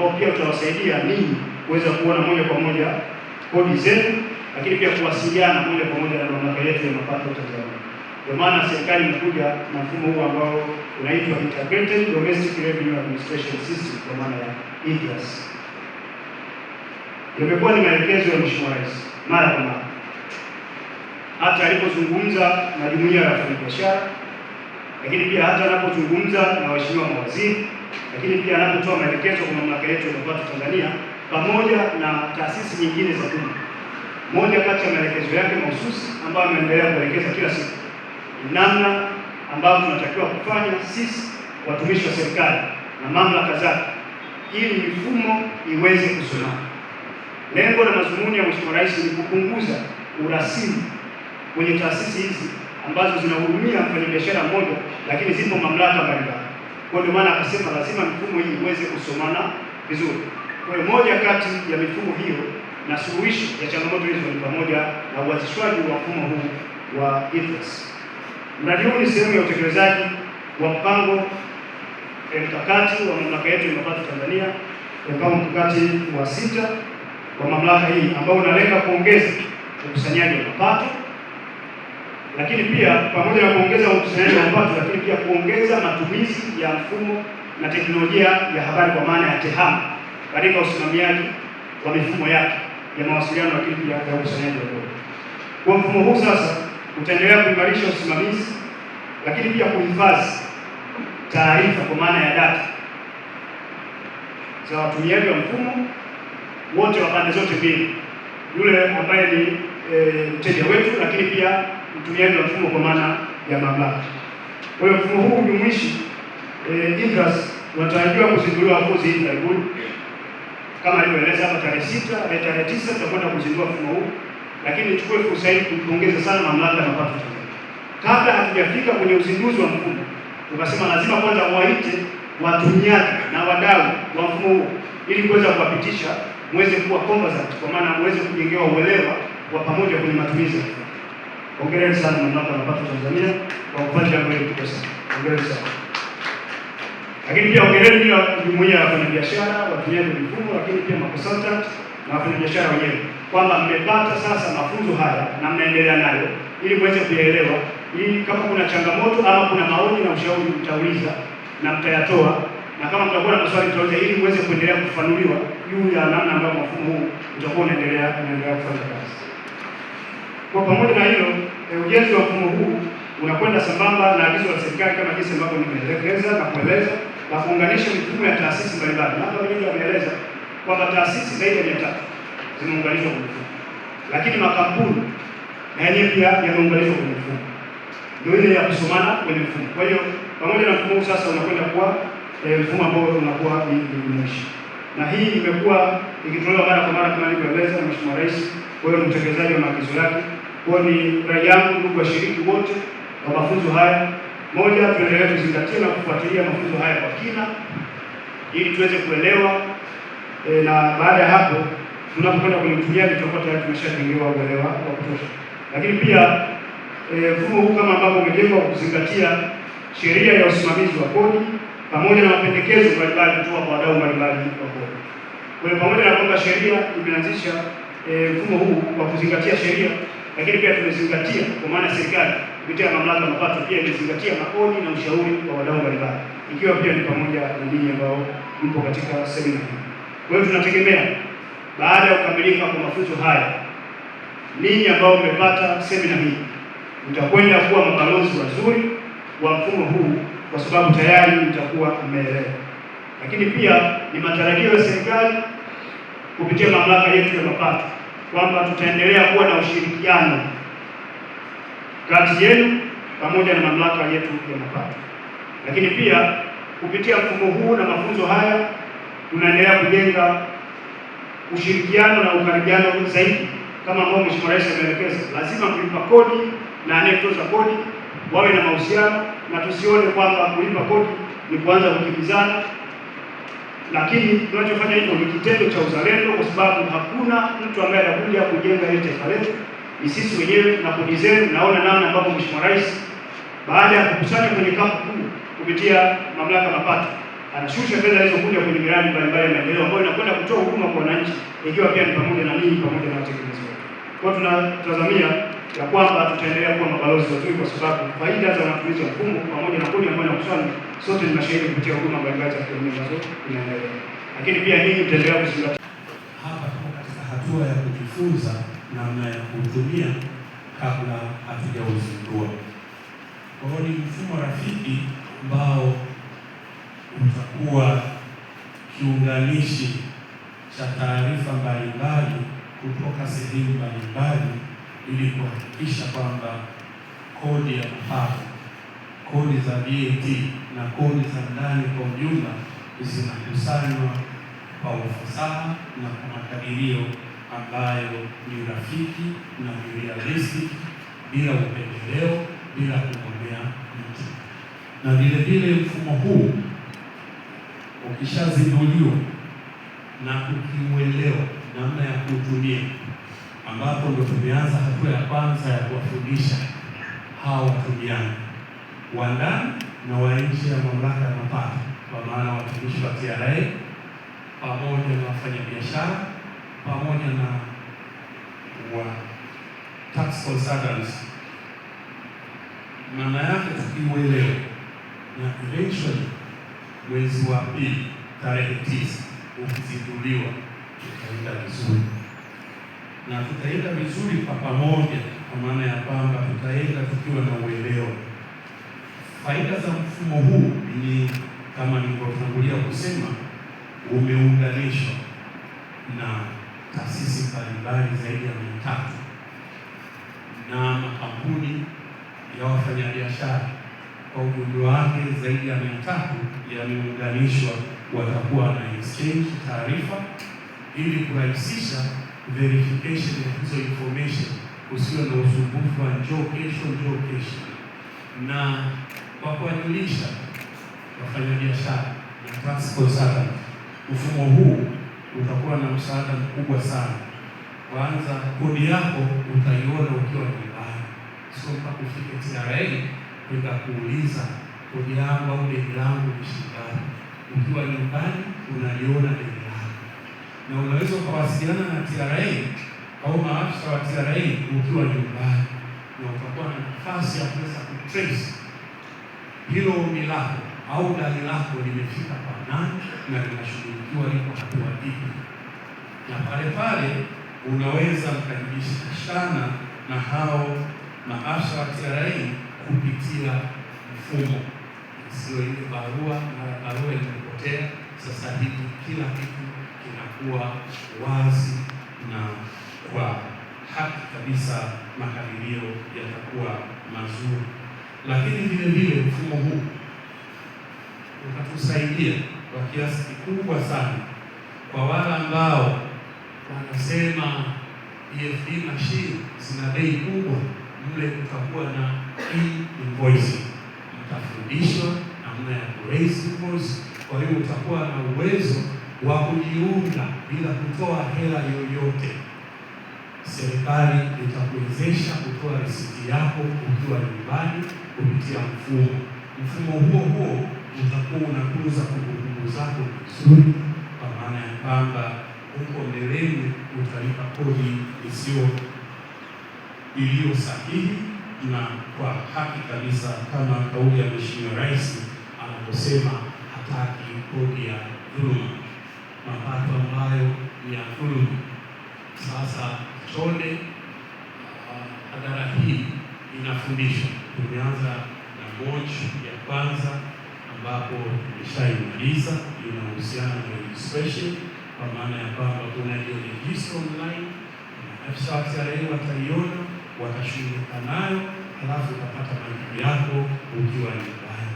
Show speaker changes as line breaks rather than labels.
ambao pia utawasaidia ninyi kuweza kuona moja kwa moja kodi zenu, lakini pia kuwasiliana moja kwa moja na mamlaka yetu ya mapato Tanzania. Ndio maana serikali imekuja na mfumo huu ambao unaitwa Integrated Domestic Revenue Administration System kwa maana ya IDRAS. Imekuwa ni maelekezo ya Mheshimiwa Rais mara kwa mara, hata alipozungumza na jumuiya ya wafanyabiashara, lakini pia hata anapozungumza na waheshimiwa mawaziri lakini pia anapotoa maelekezo kwa mamlaka yetu ya mapato Tanzania pamoja na taasisi nyingine za umma. Moja kati ya maelekezo yake mahususi ambayo ameendelea kuelekeza kila siku ni namna ambayo tunatakiwa kufanya sisi watumishi wa serikali na mamlaka zake ili mifumo iweze kusimama. Lengo la mazumuni ya Mheshimiwa Rais ni kupunguza urasimu kwenye taasisi hizi ambazo zinahudumia mfanyabiashara mmoja, lakini zipo mamlaka mbalimbali. Kwa ndio maana akasema lazima mifumo hii iweze kusomana vizuri. Kwa hiyo moja kati ya mifumo hiyo na suluhisho ya changamoto hizo ni pamoja na uanzishwaji wa mfumo huu wa ITRES. Mradi huu ni sehemu ya utekelezaji wa mpango e, mkakati wa mamlaka yetu ya mapato Tanzania, mpango mkakati wa sita wa mamlaka hii ambao unalenga kuongeza ukusanyaji wa mapato lakini pia pamoja na kuongeza ukusanyaji wa mapato, lakini pia kuongeza matumizi ya mfumo na teknolojia ya habari kwa maana ya TEHAMA katika usimamiaji wa mifumo yake ya mawasiliano, lakini pia ya ukusanyaji wa kodi. Kwa mfumo huu sasa utaendelea kuimarisha usimamizi, lakini pia kuhifadhi taarifa kwa maana ya data za watumiaji wa mfumo wote wa pande zote mbili, yule ambaye ni e, mteja wetu, lakini pia utumiaji wa mfumo kwa maana ya mamlaka. Kwa hiyo mfumo huu jumuishi eh, INDRAS unatarajiwa kuzinduliwa hapo hivi karibuni, kama alivyoeleza hapa, tarehe sita e, tarehe tisa tutakwenda kuzindua mfumo huu, lakini nichukue fursa hii kupongeza sana mamlaka ya mapato Tanzania. Kabla hatujafika kwenye uzinduzi wa mfumo, tukasema lazima kwanza waite watumiaji na wadau wa mfumo huu ili kuweza kuwapitisha muweze kuwa conversant, kwa maana muweze kujengewa uelewa wa pamoja kwenye matumizi Hongera sana Mamlaka ya Mapato Tanzania kwa upande wa mwenye kwa sasa. sana. Lakini pia hongereni pia jumuiya ya wafanyabiashara, watumiaji wa mifumo, lakini pia maconsultant na wafanyabiashara wenyewe kwamba mmepata sasa mafunzo haya na mnaendelea nayo ili muweze kuyaelewa, ili kama kuna changamoto ama kuna maoni na ushauri mtauliza na mtayatoa, na kama mtakuwa na maswali mtauliza, ili muweze kuendelea kufanuliwa juu ya namna ambayo mfumo huu utakuwa unaendelea unaendelea kufanya kazi. Kwa pamoja na hilo E ujenzi wa mfumo huu unakwenda sambamba na agizo la serikali kama jinsi ambavyo nimeelekeza na kueleza na kuunganisha mifumo ya taasisi mbalimbali, na hapa mimi nimeeleza kwamba taasisi zaidi ya mia tatu zimeunganishwa kwenye mfumo, lakini makampuni na yenyewe pia yameunganishwa kwenye mfumo, ndio ile ya kusomana kwenye mfumo. Kwa hiyo pamoja na mfumo sasa unakwenda kuwa e, mfumo ambao unakuwa ni jumuishi, na hii imekuwa ikitolewa mara kwa mara kama alivyoeleza Mheshimiwa Rais. Kwa hiyo ni utekelezaji wa maagizo yake. Kwa ni rai yangu ndugu washiriki wote wa mafunzo haya, moja, tuendelee kuzingatia na kufuatilia mafunzo haya kwa kina ili tuweze kuelewa e, na baada ya hapo tunapokwenda kulitumia tutakuwa tayari tumeshajengewa uelewa wa kutosha. Lakini pia e, mfumo e, huu kama ambavyo umejengwa kwa kuzingatia sheria ya usimamizi wa kodi pamoja na mapendekezo mbalimbali kutoka kwa wadau mbalimbali wa kodi. Kwa hiyo pamoja na kwamba sheria imeanzisha e, mfumo e, huu kwa kuzingatia sheria lakini pia tumezingatia, kwa maana serikali kupitia mamlaka mapato pia imezingatia maoni na ushauri wa wadau mbalimbali, ikiwa pia ni pamoja na ninyi ambao mpo katika semina hii. Kwa hiyo tunategemea baada ya kukamilika kwa mafunzo haya, ninyi ambao mmepata semina hii mtakwenda kuwa mabalozi wazuri wa mfumo huu, kwa sababu tayari mtakuwa mmeelewa. Lakini pia ni matarajio ya serikali kupitia mamlaka yetu ya mapato kwamba tutaendelea kuwa na ushirikiano kati yenu pamoja na mamlaka yetu ya mapato. Lakini pia kupitia mfumo huu na mafunzo haya tunaendelea kujenga ushirikiano na ukaribiano zaidi, kama ambao Mheshimiwa Rais ameelekeza, lazima kulipa kodi na anayetoza kodi wawe na mahusiano, na tusione kwamba kulipa kodi ni kuanza kukimbizana lakini tunachofanya hivyo ni kitendo cha uzalendo, kwa sababu hakuna mtu ambaye anakuja kujenga ile taifa letu, ni sisi wenyewe. Na kodi zenu, naona namna ambavyo Mheshimiwa Rais baada ya kukusanya kwenye kampu kuu kupitia mamlaka ya mapato anashusha fedha hizo kuja kwenye miradi mbalimbali ya maendeleo ambayo inakwenda kutoa huduma kwa wananchi, ikiwa pia ni pamoja na mimi pamoja na watengenezaji wetu. Kwa hiyo tunatazamia ya kwamba tutaendelea kuwa mabalozi wazuri, kwa sababu faida za matumizi ya mfumo pamoja na kodi ambayo inakusanywa sote ni mashahidi kupitia huduma mbalimbali za kijamii ambazo tunaendelea, lakini pia ninyi mtaendelea kuzingatia
hapa Tuko katika hatua ya kujifunza namna ya kuhudumia kabla hatujauzindua. Kwa hiyo ni mfumo rafiki ambao utakuwa kiunganishi cha taarifa mbalimbali kutoka sehemu mbalimbali ili kuhakikisha kwamba kodi ya mapato kodi za VAT na kodi za ndani kwa ujumla zinakusanywa kwa ufasaha na kwa makadirio ambayo ni urafiki na ni realistic, bila upendeleo, bila kugombea mtu. Na vile vile mfumo huu ukishazinduliwa na ukiuelewa namna ya kuutumia, ambapo ndo tumeanza hatua ya kwanza ya kuwafundisha hawa watumiaji wa ndani na wa nje ya mamlaka ya mapato, kwa maana watumishi wa TRA pamoja na wafanyabiashara pamoja na wa tax consultants. Maana yake tukiuelewa, na eventually mwezi wa pili tarehe tisa ukizinduliwa, tutaenda vizuri na tutaenda vizuri kwa pamoja, kwa maana ya kwamba tutaenda tukiwa na uelewa Faida za mfumo huu ni kama nilivyotangulia kusema, umeunganishwa na taasisi mbalimbali zaidi ya mia tatu na makampuni ya wafanyabiashara kwa ujumla wake zaidi ya mia tatu yameunganishwa. Watakuwa na exchange taarifa ili kurahisisha verification ya hizo information, usio na usumbufu wa njoo kesho, njoo kesho na wa kuwajulisha wafanyabiashara na transport consultants. Mfumo huu utakuwa na msaada mkubwa sana. Kwanza, kodi yako utaiona ukiwa nyumbani, sio mpaka ufike TRA kwenda kuuliza kodi yangu au deni langu ni Ukiwa nyumbani unaliona deni lako, na unaweza ukawasiliana na TRA au maafisa wa TRA ukiwa nyumbani, na utakuwa na nafasi ya kuweza kutrace hilo ombi lako au dali lako limefika kwa nani na linashughulikiwa liko hatua ipi, na pale pale unaweza mkajibishana na hao maafisa wa TRA kupitia mfumo, sio ile barua na barua imepotea. Sasa hivi kila kitu kinakuwa wazi na kwa haki kabisa, makadirio yatakuwa mazuri lakini vile vile mfumo huu utatusaidia kwa kiasi kikubwa sana kwa wale ambao wanasema EFD machine zina bei kubwa, mle kutakuwa na e-invoice, mtafundishwa namna ya kuraise invoice. Kwa hiyo utakuwa na uwezo wa kujiunga bila kutoa hela yoyote. Serikali itakuwezesha kutoa risiti yako ukiwa nyumbani kupitia mfumo. Mfumo huo huo utakuwa unakuza kumbukumbu zako vizuri, kwa maana ya kwamba huko mbeleni utalipa kodi isiyo iliyo sahihi na kwa haki kabisa, kama kauli ya Mheshimiwa Rais anaposema hataki kodi ya dhuluma, mapato ambayo ni ya dhuluma. Sasa ah, hadhara uh, hii inafundisha Tumeanza na mochi ya kwanza ambapo tumeshaimaliza, inahusiana na registration, kwa maana ya kwamba kuna hiyo registro online afsawasarei wataiona, watashughulika nayo, halafu utapata majibu yako ukiwa nyumbani.